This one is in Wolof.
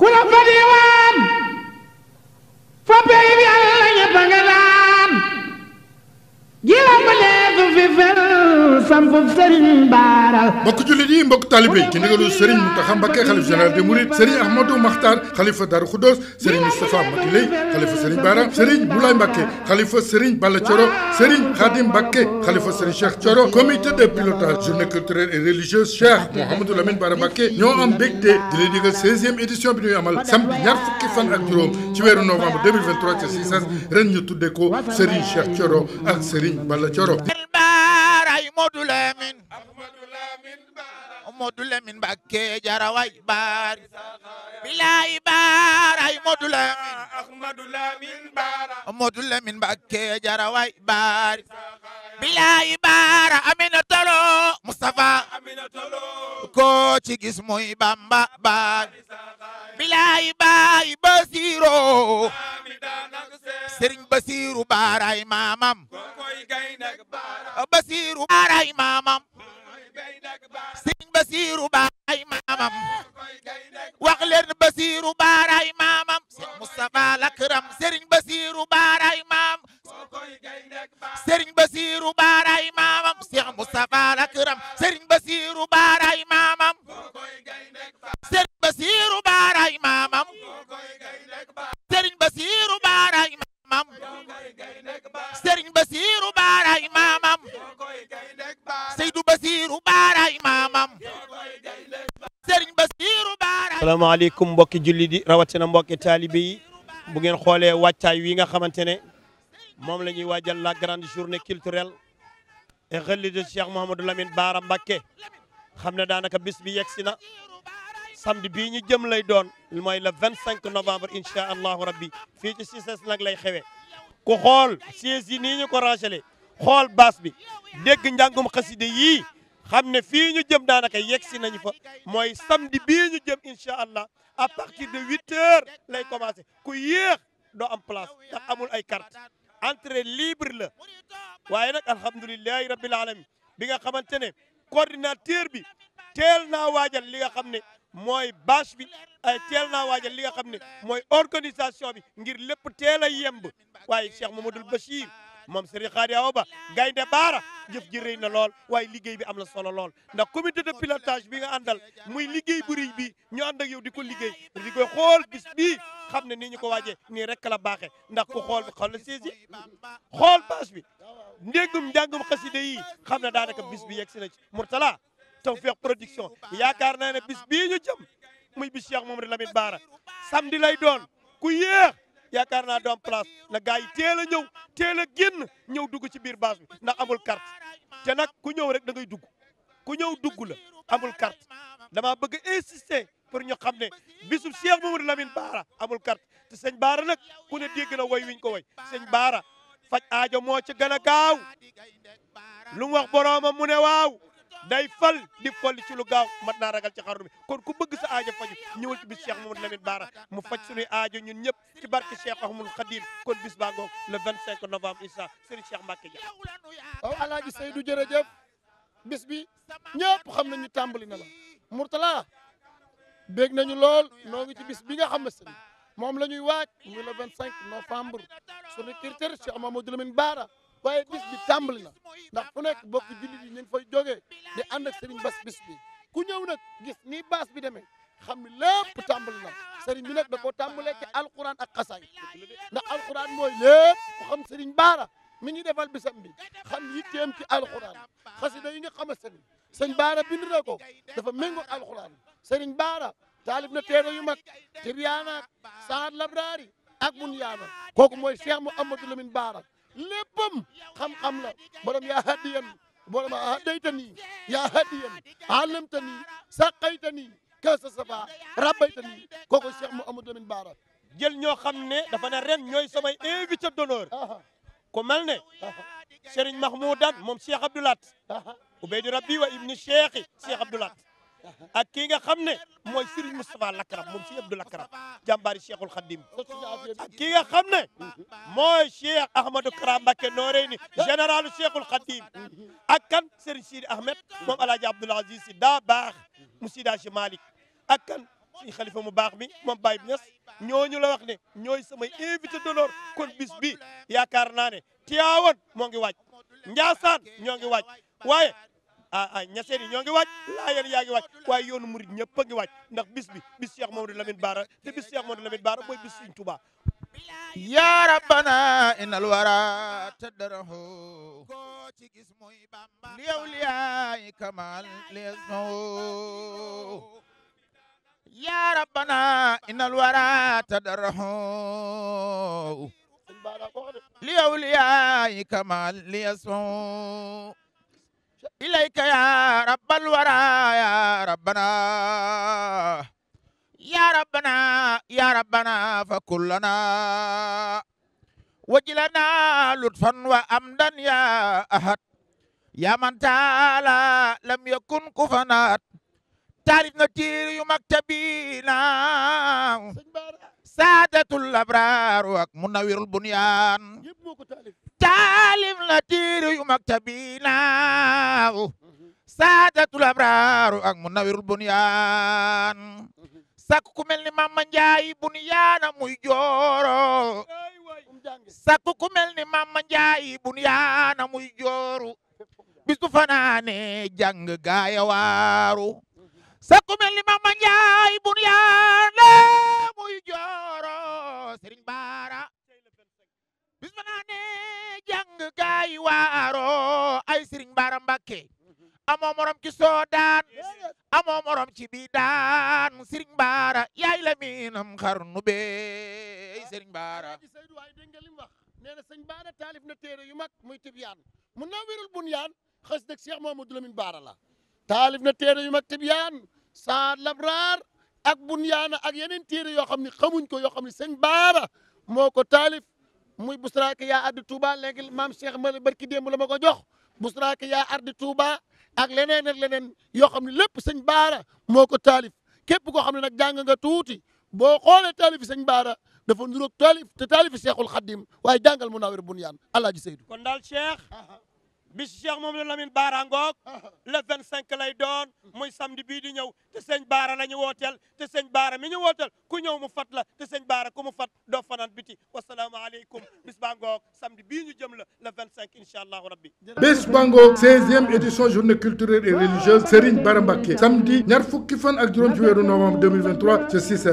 ku la bari xam foofu Serigne Bara. mbokk jullit yi mbokk talibe yi ci ndigalu Serigne Mountakha Mbacké xalifa général des Mourides Serigne Ahmadou Makhtar xalifa Darou Khoudoss Serigne Moustapha Matiley xalifa Serigne Bara Serigne Moulay Mbacké xalifa Serigne Balla Thioro Serigne Khadim Mbacké xalifa Serigne Cheikh Thioro comité de pilotage journée culturelle et religieuse Cheikh Mouhamadou Lamine Bara Mbacké ñoo am mbégte di leen digal 16e édition bi ñuy amal samedi ñaar fukki fan ak juróom ci weeru novembre 2023 ci Cissas ren ñu tuddee ko Serigne Cheikh Thioro ak Serigne Balla Thioro. Modou Lamine Modou Lamine Mbacké jaraway baar bilaay baaray Modou Lamine Modou Lamine jaraway baar jaara ci gis muy Bamba baay bilaay baay Basiiro Sëriñ Basiiru baaray maamam Basiiru baaray maamam Sëriñ Basiiru salaamaaleykum mbokki julli di rawatina mbokki taalibe yi bu ngeen xoolee wàccaay wi nga xamante ne moom la ñuy waajal la grande journée culturelle et religieuse Cheikh Mouhamadou Lamine baara Mbacké xam ne daanaka bis bi yegsi na samedi bii ñu jëm lay doon mooy le 25 novembre incha allahu rabbi fii ci CICES nag lay xewee ko xool siège yi nii ñu ko rangele xool baas bi dégg njàngum xaside yii xam ne fii ñu jëm daanaka yegg si nañu fa mooy samedi bii ñu jëm incha allah à partir de huit heures lay commencé ku yéex do am place ndax amul ay carte entrée libre la waaye nag alhamdulilahi rabbil alamin bi nga xamante ne coordinateur bi teel naa waajal li nga xam ne mooy bâche bi ay teel naa waajal li nga xam ne mooy organisation bi ngir lépp teel a yemb waaye Cheikh Mamadou Bachir moom Serigne Khady Awa Ba gaynde baara jëf ji na lool waaye liggéey bi am na solo lool ndax comité de pilotage bi nga àndal muy liggéey bu rëy bi ñu ànd ak yow di ko liggéey di koy xool bis bii xam ne nii ñu ko waajee nii rek la baaxee ndax ku xool xool la saisi xool bâche bi ndéggum njàngum xaside yi xam ne daanaka bis bi yegg si na ci Mourtala Tawfekh Production yaakaar naa ne bis bii ñu jëm muy bis Cheikh Mamadou Lamine Bara samedi lay doon ku yéex yaakaar naa du am place na gars yi teel a ñëw teel a génn ñëw dugg ci biir base bi ndax amul carte te nag ku ñëw rek da ngay dugg ku ñëw dugg la amul carte dama bëgg insister pour ñu xam ne bisub Cheikh Mamadou Lamine Baara amul carte te sëñ Baara nag ku ne dégg a woy wiñ ko woy sëñ Baara faj aajo moo ci gën a gaaw lu mu wax ne waaw day fal di folli ci lu gaaw mat naa ragal ci xarnu bi kon ku bëgg sa aajo faju ñëwal ci bis Cheikh Mamadou Lamine Bara mu faj suñuy aajo ñun ñëpp ci barke Cheikh Ahmadou Khadim kon bis baa ngoog le 25 novembre incha Serigne Cheikh Mbacké Dia. waaw El Hadj Seydou jërëjëf bis bi ñëpp na nañu tàmbali na la Mourtala bég nañu lool noo ngi ci bis bi nga xam ne moom la ñuy waaj muy le 25 novembre suñu critère Cheikh Mamadou Lamine Bara waaye bis bi tàmbali na. ndax fu nekk bokk jullit yi ñu ngi fay jógee di ànd ak sëriñ bas bis bi ku ñëw nag gis ni baas bi demee xam ne lépp tàmbali na sëriñ bi nag da koo tàmbalee ci alquran ak xasaay ndax alquran mooy lépp ku xam sëriñ baara mi ñu defal bisam bi xam yitteem ci alquran xasida yi nga xamante ni sëñ baara bind na ko dafa méngoo alquran sëriñ baara taalib na teero yu mag Tibyaan ak Saad Labraari ak Bunyaana kooku mooy Cheikh Mouhamadou Lamine Baara léppam xam-xam la borom yaa hadiyan borom hadaytani yaa hadiyan alamtani saqaytani kasa safa rabbaytani kooku Cheikh Mouhamadou Lamine Bara jël ñoo xam ne dafa na ren ñooy samay invité d'honneur ku mel ne Serigne Mahmoudan moom Cheikh Abdoulat ubaydi rabbi wa ibni cheikhi Cheikh Abdoulat ak kii nga xam ne mooy Serigne Moustapha Lakaram moom Serigne Abdou Lakaram jàmbaari Cheikhul Khadim ak kii nga xam ne mooy Cheikh Ahmadou Kara Mbacké Noreyni général Cheikhul Khadim ak kan Serigne Sidi Ahmed moom Alaaji Abdoul Si daa baax mu Sida Si Malick ak kan suñu xalifa mu baax mi moom Baye Niass ñooñu la wax ne ñooy samay invité d'honneur kon bis bi yaakaar naa ne Tivaouane moo ngi waaj Ndiassane ñoo ngi waaj waaye ah ah ñaseen yi ñoo ngi waaj laayeen yaa ngi a ngi waaj ndax rabbana innal wara tadarahu li awliyaay kamal li asmahu ya rabbana إليك يا رب الورى يا ربنا يا ربنا يا ربنا فكلنا وجلنا لطفا وأمدا يا أحد يا من تعالى لم يكن كفنات تعرف نتير مكتبينا سعادة الأبرار ومنور البنيان taalim la diiru yu maktabinaaw saadatul abraaru ak munawirul bunyaan sakku ku mel ni Mama Njaay bunyaana muy jooro sakku ku mel ni Mama Njaay bunyaana muy jooru bisu fanaane jàng gaaya sakku mel ni Mama Njaay bunyaana muy jooro Serigne Bara gaay waaro ay Serigne Bara Mbacké amoo morom ci soodaan amoo morom ci bi daan Serigne Bara yaay la miinam xarnu bee Serigne taalif na téere yu mag muy tibyaan munawwirul bunyaan xës dëgg Cheikh Mamadou Lamine Bara la taalif na téere yu mag tibyaan saad labraar ak bunyaan ak yeneen téere yoo xam ne xamuñ ko yoo xam ne Serigne Bara moo ko taalif muy busraaka yaa ardi Touba léegi maam Cheikh Mbale barki démb la ma ko jox busraaka yaa ardi Touba ak leneen ak leneen yoo xam ne lépp sëñ Baara moo ko taalif képp koo xam ne nag jàng nga tuuti boo xoolee taalif sëñ Baara dafa nuróog taalif te taalif Cheikhul Xadim waaye jàngal Munawwir Bunyaan Alaaji Seydou kon daal Cheikh bis Cheikh moom la Lamine Baara ngoog le cinq lay doon muy samedi bii di ñëw te sëñ Baara la ñu wooteel te sëñ Baara mi ñu wooteel ku ñëw mu fat la te sëñ Baara ku mu fat doo fanaan biti wasalaamaaleykum bis ba ngoog samedi bii ñu jëm la le 25 incha allahu rabbi bis ba ngoog 16e édition journée culturelle et religieuse Serigne Bara Mbacké samedi ñaar fukki fan ak juróom ci novembre 2023 ci 6